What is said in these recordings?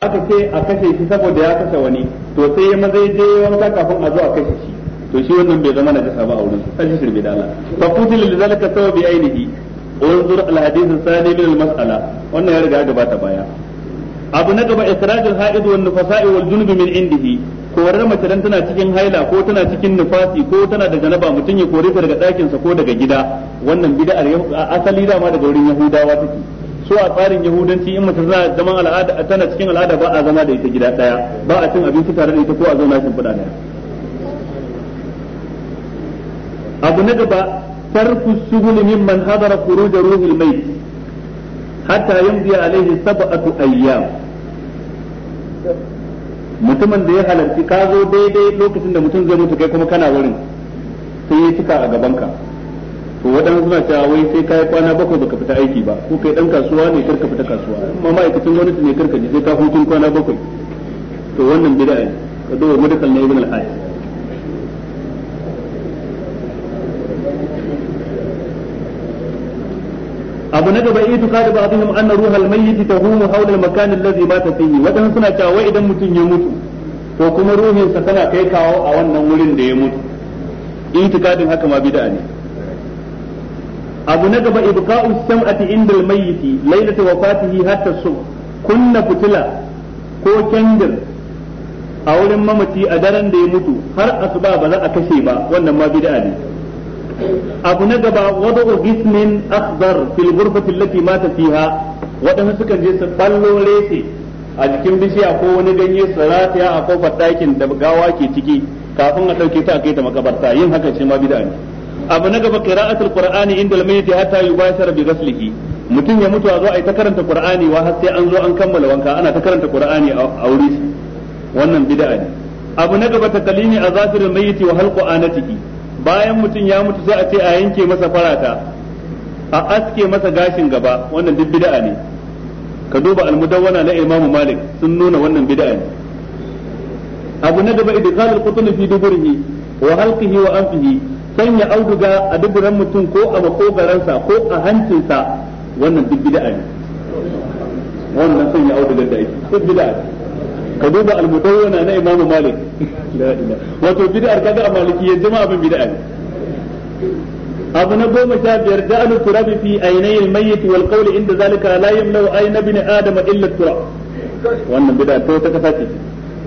aka ce a kashe shi saboda ya kashe wani to sai ya maza je wanka kafin a zo a kashe shi to shi wannan bai zama najasa ba a wurin su sai shirbe da Allah fa qutila li zalika sawa bi ainihi unzur al hadith sani min al mas'ala wannan ya riga gabata baya abu na gaba israjul haid wan nufasa'i wal junub min indihi korar mace dan tana cikin haila ko tana cikin nufasi ko tana da janaba mutum ya kore ta daga sa ko daga gida wannan bid'ar asali dama daga wurin yahudawa take so a tsarin yahudanci in mace tana zaman al'ada tana cikin al'ada ba a zama da ita gida daya ba a cin abinci tare da ita ko a zauna shin fada daya abu na gaba tarku shughuli mimman hadara khuruj ruhul mai hatta yamdi alaihi sab'atu ayyam mutumin da ya halarci ka zo daidai lokacin da mutum zai mutu kai kuma kana wurin sai ya cika a gaban ka. to waɗansu suna cewa wai sai kai kwana bakwai baka fita aiki ba ko kai dan kasuwa ne karka fita kasuwa amma ma'aikacin gwamnati ne karka je sai ka hutun kwana bakwai to wannan bid'a ne ka dawo madakal na ibn al-hajj abu na gaba itu kada ba abin anna ruhal mayyit tahumu hawla al-makan alladhi mata fihi wadan suna cewa idan mutum ya mutu to kuma ruhin sa tana kai kawo a wannan wurin da ya mutu itikadin haka ma bid'a ne abu na gaba ibqa'u sam'ati inda al-mayyit laylata wafatihi hatta su kunna fitila ko kendir a wurin mamaci a daren da ya mutu har asuba ba za a kashe ba wannan ma bid'a ne abu na gaba wada'u gismin akhdar fil ghurfati allati mata fiha wadansu suka je su ballo rese a jikin bishiya ko wani ganye su rataya a kofar ɗakin da gawa ke ciki kafin a ɗauke ta a kai ta makabarta yin haka shi ma bid'a ne abu na gaba qira'atul qur'ani inda al-mayyit hatta yubashara bi ghaslihi mutum ya mutu a zo a yi ta karanta qur'ani wa har sai an zo an kammala wanka ana ta karanta qur'ani a wuri wannan bid'a ne abu na gaba azafir al mayyit wa halqu anatihi bayan mutum ya mutu sai a ce a yanke masa farata a aske masa gashin gaba wannan duk bid'a ne ka duba al-mudawwana na Imam Malik sun nuna wannan bid'a ne abu na gaba idkhal al-qutun fi duburihi wa halqihi wa anfihi sanya auduga a duburan mutum ko a makogaransa ko a hancinsa wannan duk bid'a ne wannan sanya auduga da ake duk bid'a ne ka duba al-mudawwana na imamu malik wato bid'ar kaga a maliki ya jama'a bin bid'a ne abu na goma sha biyar da an turabi fi ainihin mayyit wal qawli inda zalika la yamlau ayna bin adama illa tura. wannan bid'a ta ta kasa ce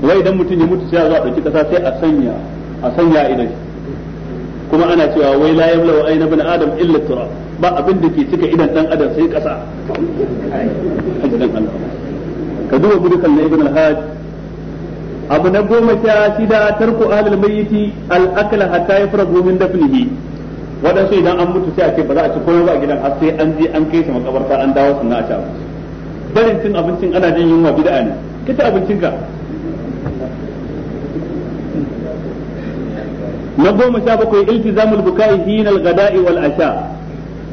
wai idan mutum ya mutu sai a zo a dauki kasa sai a sanya a sanya idan kuma ana cewa wai la yabla wa aina bin adam illa tura ba abin da ke cika idan dan adam sai kasa ka duba budukan na ibn al-hajj abu na goma sha shida tarku ahli al mayyiti al-akl hatta yafragu min dafnihi wadansu idan an mutu sai a ce ba za a ci komai ba a gidan har sai an je an kai shi makabarta an dawo sannan a ci abinci barin cin abincin ana jin yunwa bid'a ne kita abincin ka na goma sha bakwai iltizamul bukai hina al-gada'i wal asha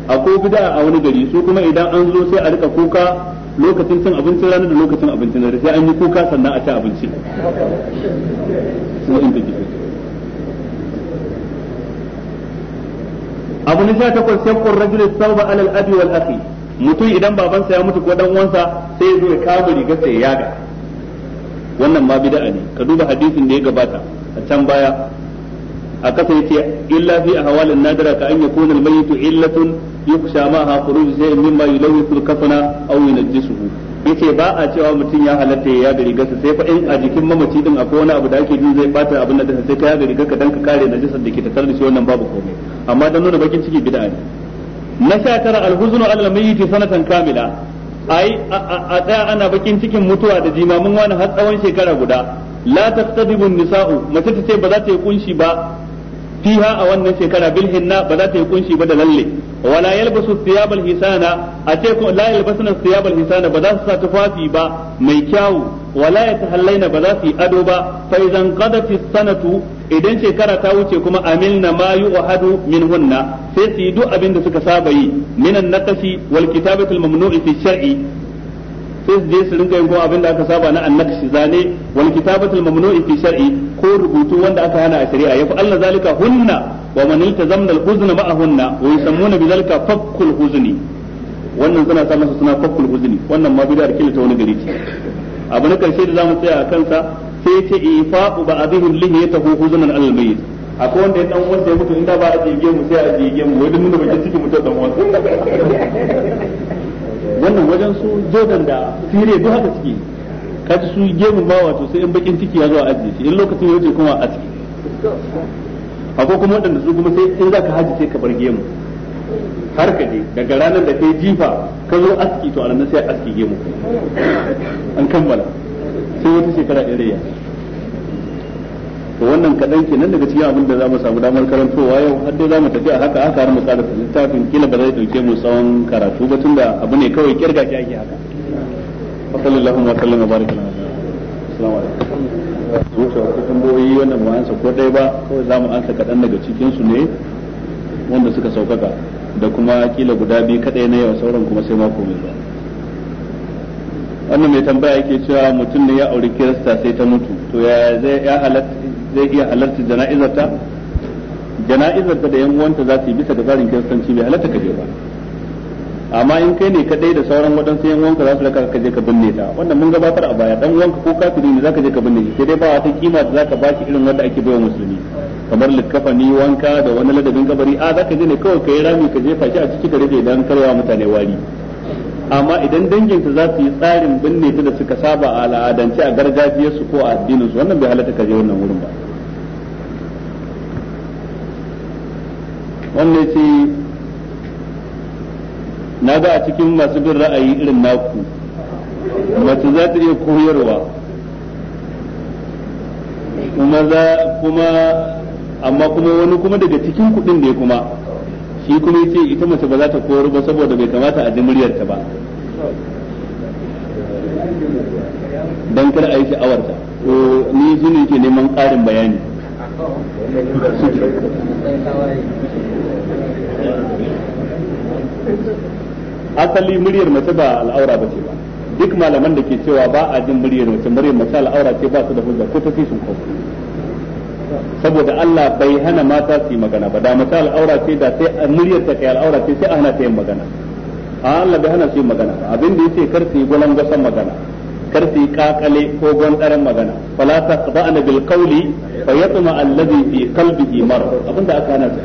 akwai bid'a a wani gari su kuma idan an zo sai a rika kuka lokacin cin abincin rana da lokacin abincin dare sai an yi kuka sannan a ci abinci abu na sha takwas shakkun rajulin sauba alal abi wal akhi mutum idan babansa ya mutu ko dan uwansa sai ya zo ya kama riga sai ya yaga wannan ma bid'a ne ka duba hadisin da ya gabata a can baya a kasa yace illa fi ahwalin nadira ka an yakuna al-mayyit illatun yuksha ma ha khuruj shay'in mimma yulawithu al-kafana aw yunajjisuhu yace ba a cewa mutum ya halatta ya da rigarsa sai fa in a jikin mamaci din akwai wani abu da ake jin zai bata abin da sai ka yaga rigarka dan ka kare najisar da ke tattare da shi wannan babu komai amma dan nuna bakin ciki bid'a ne na sha tara al-huznu ala al-mayyit sanatan kamila ai a tsaya ana bakin cikin mutuwa da jimamin wani har tsawon shekara guda la taqtadibu nisa'u mace ta ce ba za ta yi kunshi ba fiha a wannan shekara bil hinna ba za ta yi kunshi ba da lalle wala yalbasu thiyabal hisana a ce ko la yalbasuna thiyabal hisana ba za su sa tufafi ba mai kyawu wala yatahallaina ba za su yi ado ba fa idan qadati sanatu idan shekara ta wuce kuma amilna ma yu'hadu hunna sai su yi duk abin da suka saba yi minan naqashi wal kitabatul mamnu'i fi shar'i sai su je su rinka yin abin da aka saba na annakshi zane wal kitabatul mamnu'i fi shar'i ko rubutu wanda aka hana a shari'a yafi Allah zalika hunna wa man iltazamna al-huzn ma'ahunna wa yusammuna bidhalika fakkul huzni wannan suna sa masa suna fakkul huzni wannan ma bidar kila ta wani gari ce abu na karshe da zamu tsaya a kansa sai ce ifa'u lihiyatahu huznan al-mayyit akwai wanda ya dan wanda ya mutu inda ba a jige mu sai a jige mu wai duk bakin ciki dan su jordan da siriya duk haka suke kaji su gemun ba wato sai in bakin ciki ya zo a ajiye shi in lokacin ya wuce kuma a ciki akwai kuma waɗanda su kuma sai in za ka haji sai ka bar gemu har ka je daga ranar da kai jifa ka zo aski to a ranar sai aski gemu an kammala sai wata shekara ɗaya to wannan kadan kenan daga cikin abin da zamu samu damar karantowa yau har dai zamu tafi a haka aka har mu tsara littafin kila ba zai dauke mu tsawon karatu ba tunda abu ne kawai kirga ake haka sallallahu wa sallam wa baraka assalamu alaikum zuwa wasu tambayoyi wannan ba ansa ko dai ba kawai zamu ansa kadan daga cikin su ne wanda suka saukaka da kuma kila guda biyu kadai na yau sauran kuma sai mako mai zuwa wannan mai tambaya yake cewa mutum ne ya auri kirista sai ta mutu to ya zai ya halatta zai iya halarta jana'izar jana'izarta da yan uwanta za su yi bisa da tsarin kiristanci bai halarta kaje ba amma in kai ne kadai da sauran waɗansu yan uwanka za su raka ka je ka binne ta wannan mun gabatar a baya dan uwanka ko kafiri ne za ka je ka binne shi sai dai ba wata kima da ba baki irin wanda ake baiwa musulmi kamar likkafani wanka da wani ladabin kabari a za ka je ne kawai ka yi rami ka jefa shi a ciki ka rufe dan karwa mutane wari amma idan danginta za su yi tsarin binne ta da suka saba a al'adance a gargajiyarsu ko a addininsu wannan bai halatta ka je wannan wurin ba wannan ce na ga a cikin masu bin ra'ayi irin naku mace za ta iya koyarwa kuma za kuma amma kuma wani kuma daga cikin kuɗin ne kuma shi kuma ce ita mace ba za ta koyar ba saboda bai kamata a ji muryarta ba don kar a yi sha'awarta to ni zuni ke neman ƙarin bayani asali muryar mace ba al'aura bace ba duk malaman da ke cewa ba a jin muryar mace muryar mace al'aura ce ba su da hujja ko fi sun kawo saboda Allah bai hana mata su yi magana ba da mace al'aura ce da sai muryar ta kai al'aura ce sai a hana ta yin magana a Allah bai hana su yi magana abin da yake kar su yi gwasan magana kar su yi kakale ko gwandaren magana fala taqba'na bil qawli fa yatma alladhi fi qalbihi marad abinda aka hana su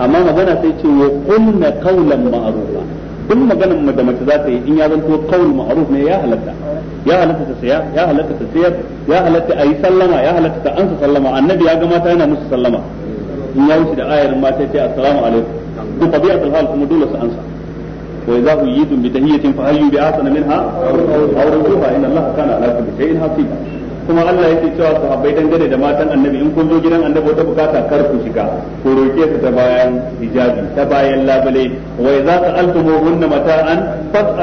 amma magana sai ce wa kunna qawlan ma'rufa duk maganar mu da mace za ta yi in ya zanto qawl ma'ruf ne ya halatta ya halatta ta saya ya halatta ta sayar ya halatta ayi sallama ya halatta ta ansa sallama annabi ya ga mata yana musu sallama in ya wuce da ayar mata ce assalamu alaikum to tabi'atul hal kuma dole su ansa وإذا حييتم بتحية فحيوا بأحسن منها أو ردوها إن الله كان على كل شيء حسيبا kuma Allah yake cewa sahabbai dangane da matan annabi in kun zo gidan annabi wata bukata kar ku shiga ku roke su ta bayan hijabi ta bayan labule wa idza hunna mata'an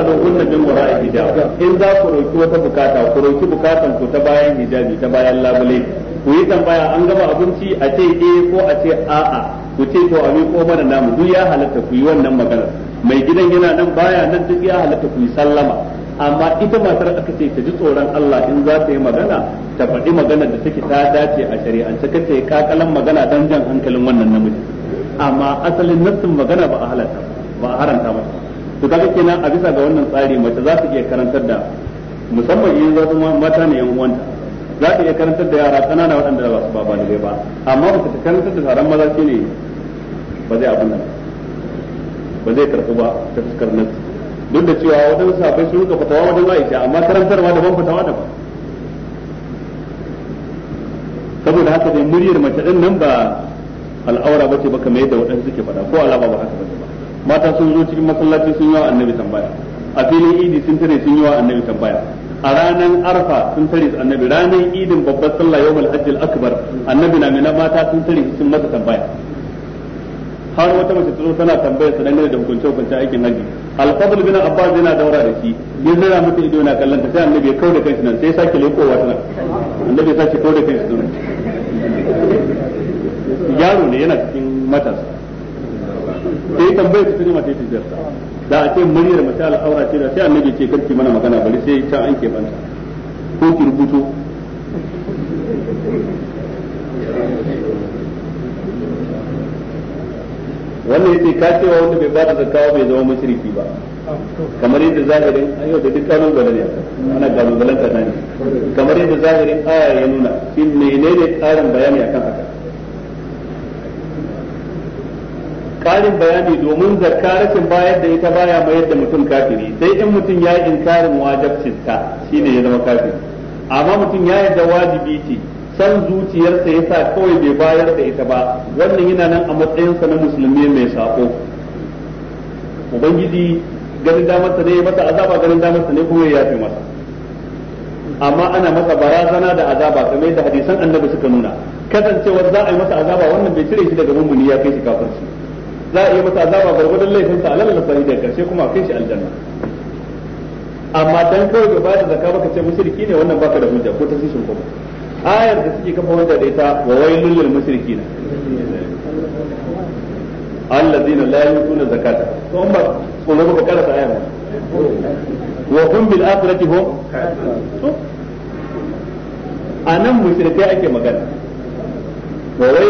hunna min wara'i hijab in za ku roki wata bukata ku roki bukatan ku ta bayan hijabi ta bayan labule ku yi tambaya an gama abinci a ce eh ko a ce a'a ku ce to a ko mana namu duk ya halatta ku yi wannan magana mai gidan yana nan baya nan duk ya halatta ku yi sallama amma ita matar aka ce ta ji tsoron Allah in za ta yi magana ta faɗi magana da take ta dace a shari'ance ka ce kakalan magana don jan hankalin wannan namiji amma asalin nassin magana ba a halarta ba a haranta ba to kaga kenan a bisa ga wannan tsari mace za ta iya karantar da musamman yin za su mata ne yan uwanta za ta iya karantar da yara ƙanana waɗanda ba su ba balibai ba amma ba ta karantar da taron maza ne ba zai abin nan ba zai karɓi ba ta fuskar nassi duk da cewa wadansu sahabbai sun rika fatawa wajen sha amma karantarwa ban fatawa ba saboda haka dai muryar mace din nan ba al'aura bace ba kamar yadda waɗansu suke faɗa ko alama ba haka bace ba mata sun zo cikin masallaci sun yi wa annabi tambaya a filin idi sun tare sun yi wa annabi tambaya a ranar arfa sun tare su annabi ranar idin babbar sallah yawmul hajjil akbar annabi na mina mata sun tare sun masa tambaya har wata mace ta tana tambayar sa dangane da hukunce hukunce aikin haji al-fadl bin abbas yana daura da shi yin zira mutu ido yana kallon ta sai annabi ya kauda kai nan sai sake lekowa tana annabi ya sake kauda kai nan yaro ne yana cikin matasa sai tambayar ta ne mata ta jira da a ce muryar mace al-aura ce da sai annabi ce karki mana magana bari sai ta an ke banta ko ki rubuto wannan yace ka cewa wanda bai bada zakka bai zama mushriki ba kamar yadda zahirin ayo da duk kanun gwada ne ana kalubalen ka ne kamar yadda zahirin aya ya nuna shi menene karin bayani akan haka karin bayani domin zakka rashin bayar da ita baya mayar yadda mutum kafiri sai in mutum ya yi inkarin wajabcinta shine ya zama kafiri amma mutum ya yi da wajibi ce san zuciyarsa ya sa kawai bai bayar da ita ba wannan yana nan a matsayinsa na musulmi mai sako ubangiji ganin damarsa ne masa azaba ganin damarsa ne kuma ya fi masa amma ana masa barazana da azaba kamar yadda hadisan annabi suka nuna kasancewar za a yi masa azaba wannan bai cire shi daga mummuni ya kai shi kafirci za a yi masa azaba gargadon laifinsa a lalata sani daga karshe kuma a kai shi aljanna amma dan kawai gaba da zakka baka ce musulki ne wannan baka da hujja ko ta sishin kuma ayar da suke kafa wajen da ita wa wailul lil mushrikin alladheena la yu'tuna zakata to amma ko ba ayar wa hum bil akhirati hum anan mushrikai ake magana wa la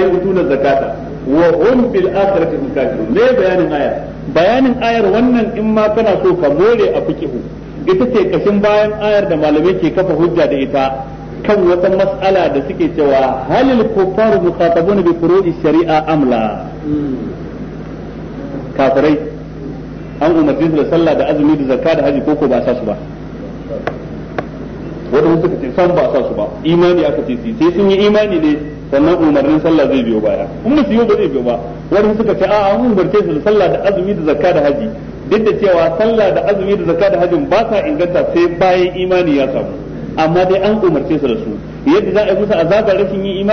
yu'tuna zakata wa hum bil akhirati kafirun me bayanin ayar bayanin ayar wannan in ma kana so ka more a fikihu ita ce kashin bayan ayar da malamai ke kafa hujja da ita kan wata mas'ala da suke cewa halil kuffaru muqatabuna bi furu'i shari'a amla kafirai an umarci su da sallah da azumi da zakka da haji koko ba sa su ba wanda suka ce san ba sa su ba imani aka ce sai sun yi imani ne sannan umarnin sallah zai biyo baya in musu yau ba zai biyo ba wadanda suka ce a'a an umarce su da sallah da azumi da zakka da haji duk da cewa sallah da azumi da zakka da hajjin ba sa inganta sai bayan imani ya samu amma dai an umarce su da su yadda za a yi musu azabar rashin yin imani